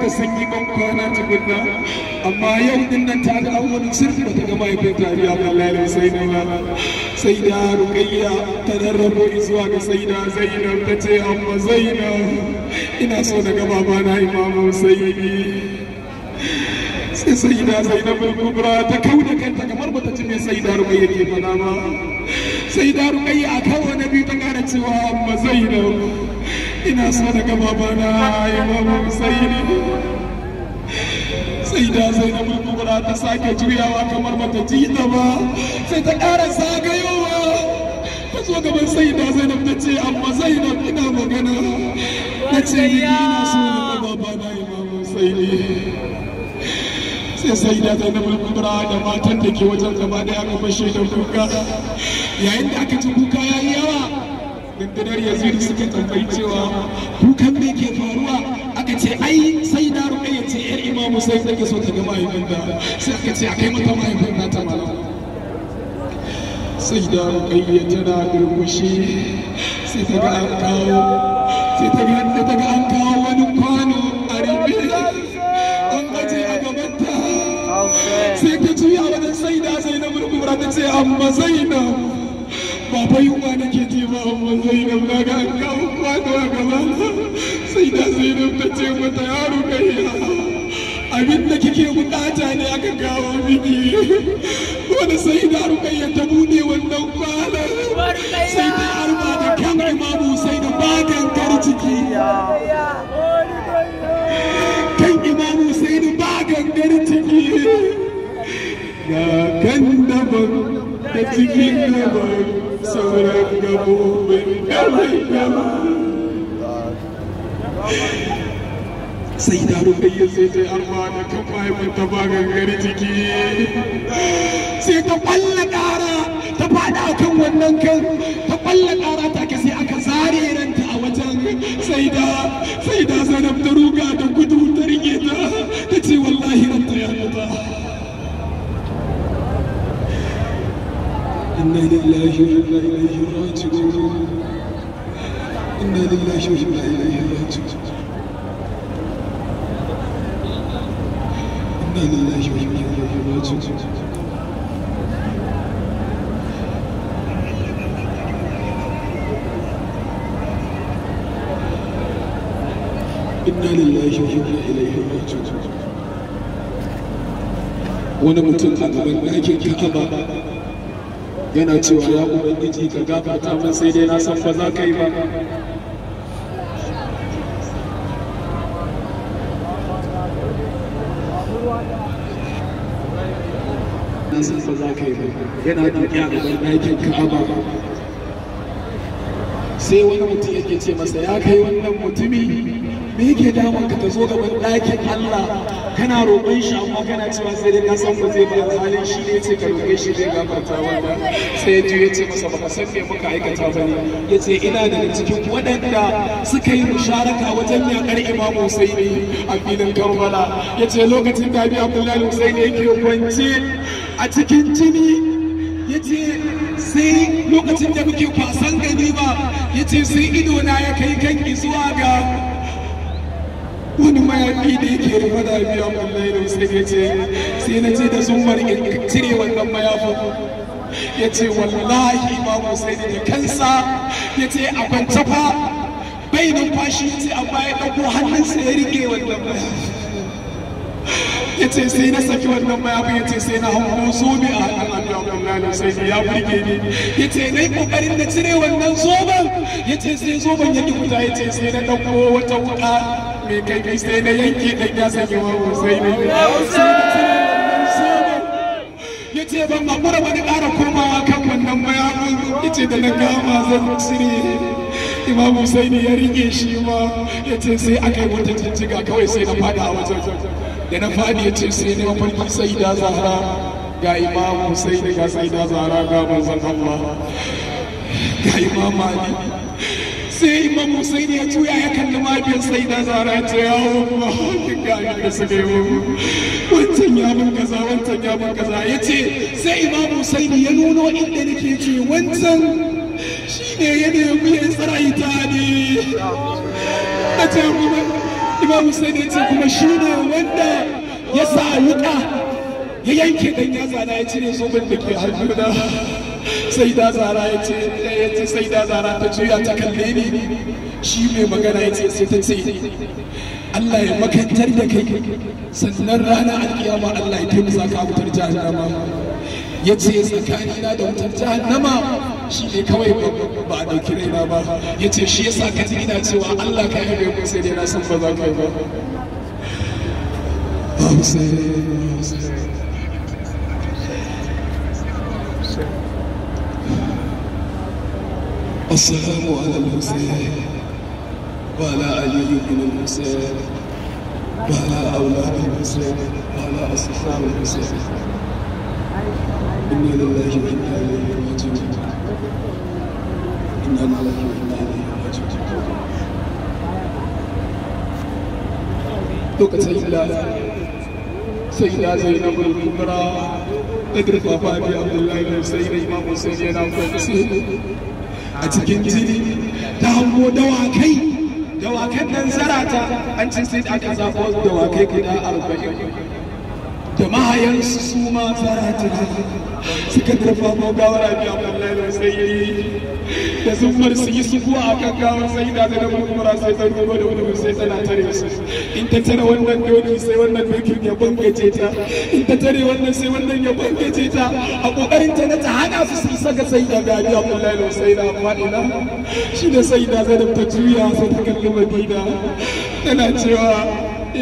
ta sanyi ban kwana nan. amma yau din nan ta ga wani sirri ba ta ga mahaifin tariya ba lalle sai ba sai da ruqayya ta rarrabo zuwa ga sayyida zainab ta ce amma zainab ina so na ga na imamu sayyidi sai sai da zainab kubra ta kauda kanta kamar bata ci me sai da ruqayya ke fada ba sayyida da ruqayya a kawo na biyu ta gane cewa amma zainab ina so daga babana ya sayyidi sai da zai na mulmula ta sake juyawa kamar bata ji ta ba sai ta ƙara zagayowa ta zo gaban sai da zai ta ce amma zainab ina magana na ce ina so na babana na sayyidi sai ne sai sai da zai na da matan da ke wajen gaba da aka fashe da kuka yayin da aka ci kuka ya yi yawa rundunar yazid suka tambayi cewa kukan me ke faruwa aka ce ai sai da ruka ya ce yar imamu sai take so ta ga mahaifin da sai aka ce a kai mata mahaifin na ta malam sai da ruka tana durkushe sai ta ga an kawo sai ta ga an kawo wani kwano a rabe an aje a gabanta sai ta juya wajen sai da sai na murmura ta ce amma zainab ba fa na ke ji ba amma zai na ba ga an kawo kuma a gaba sai da sai na ta ce mata yaro kai abin da kike bukata ne aka kawo miki wani sai da rukayya ta bude wannan kwanan sai da arba da kan imamu sai da bagan kar ciki kan imamu sai da bagan kar ciki da kan daban da cikin daban sai da rubayya sai ta arba da kafa ya ta ba gangare ciki sai ta kwalla kara ta fada akan wannan kan ta kara ta kasi aka zare ranta a wajen إنا لله وإنا إليه راجعون إنا لله وإنا إليه راجعون إنا لله وإنا إليه راجعون inna lillahi wa inna ilaihi raji'un wani mutum a gaban ɗakin ka'aba yana cewa ya ubangiji ka gafarta min sai dai na san ba za ka yi ba yana dukiya ka'aba sai wani mutum yake ce masa ya kai wannan mutumi me yake damar ka zo gaban ɗakin Allah kana roƙon shi amma kana cewa sai dai ka san ba zai ba halin shi ne ce ka roƙe shi zai gafarta wanda sai ya ya ce masa ba san me muka aikata ba ne ya ce ina daga cikin waɗanda suka yi musharaka wajen yaƙar Imam Husaini a filin Karbala ya ce lokacin da bi Abdullahi ne yake kwance a cikin jini ya ce sai lokacin da muke kwasan gani ba ya ce sai idona ya kai kan zuwa ga wani mayafi da yake da da biya wallahi da sai ya ce sai na ce da sun bar cire wannan mayafin ya ce wallahi imamu sai da kansa ya ce a kwance fa bai numfashi ya ce amma ya ɗauko hannunsa ya rike wannan mayafin ya ce sai na saki wannan mayafin ya ce sai na hango zobe a hannun annabi abdullahi sai ya burge ni ya ce na yi kokarin na cire wannan zoben ya ce sai zoben ya dukuta ya ce sai na ɗauko wata wuƙa me kai sai na yanke ne ya ce ban wani ƙara komawa kan wannan da na gama zan cire imam ya rike shi ma ya ce sai aka yi wata jijjiga kawai sai na fada a wajen da na fadi ya ce sai na mafarki sai da zahara ga imam husaini ga sai da zahara ga manzon allah ga imam ali sai imam ya ya kalli mahaifiyar sai da zara ya yawo kuma da wancan ya mun kaza wancan ya mun kaza ya ce sai imam Hussein ya nuno inda nake ce wancan shine ya nemi ya ne a ce kuma imam Hussein ya ce kuma wanda ya sa wuka ya yanke dan yatsa na ya cire zobin da ke hannuna sai da zara ya ce ya ce sai da zara ta juya ta kalle ni shi mai magana ya ce sai ta ce Allah ya makantar da kai sannan rana alkiyama Allah ya taimaka ka wutar jahannama ya ce tsakanina da wutar jahannama shi ne kawai ba a ɗauki raina ba ya ce shi yasa ka ji ina cewa Allah ka yi mai sai dai na san ba za ka yi ba. السلام على الحسين وعلى علي بن الحسين وعلى أولاد الحسين وعلى أصحاب الحسين إنا لله وإنا إليه راجعون إنا لله وإنا إليه راجعون توك da sai زينب الكبرى na bulbul عبد الله بن da abdullahi سيدنا sai da a cikin jini ta hango dawakai dawakan nan zarata an ci sai aka zafo dawakai guda arba'in da mahayansu su ma tsara ta suka tafa ko gawara biya wallahi da sai da zummar su yi suku a kan gawar sai da da kuma sai ta rubo da wani sai tana tare su in ta tare wannan doki sai wannan doki ya bangace ta in ta tare wannan sai wannan ya bangace ta a kokarin ta na ta hana su su saka sai da gari wallahi da sai da fadila shi da sai da zan ta juya sai ta kalli madina tana cewa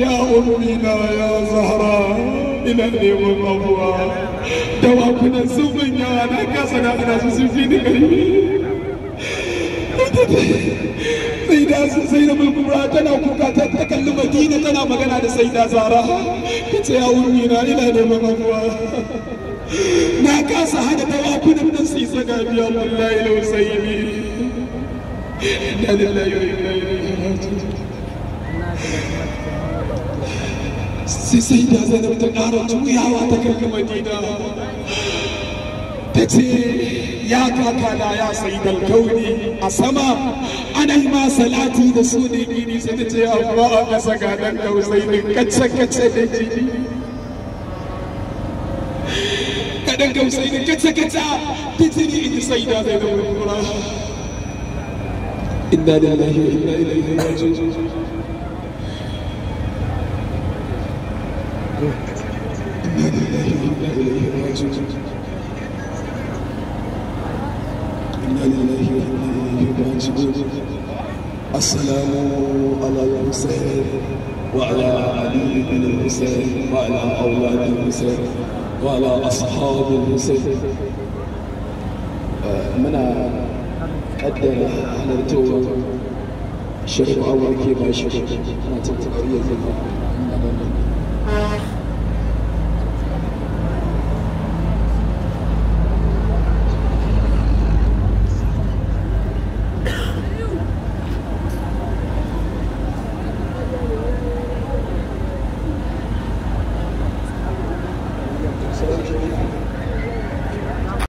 ya ummi na ya zahra ina neman abuwa dawakunan sun ban na kasa na ana su sun fi ni ƙarfi sai da sai da tana kuka ta ta kalli madina tana magana da sai da zara ce ya na ina neman abuwa na kasa hada dawakunan nan sai saka biya wallahi lau sai ni da wa sai sai da zainab ta ƙara juyawa ta karka madina ta ce ya kakana ya sai dalkauni a sama ana yi ma salati da su ne dini sai ta ce amma a ƙasa ga dan kausai ne kacce kacce da jini kaɗan kausai ne kacce kacce da jini in ji sai da zainab ta ƙara inna lillahi wa inna ilaihi raji'un لله إنا إليه راجعون إنا لله إنا إليه راجعون السلام على الحسين وعلى علي بن الحسين وعلى أولاد الحسين وعلى أصحاب الحسين آه، منا قدر على التوبة الشريف أول كيف أشكر أنا تبتقى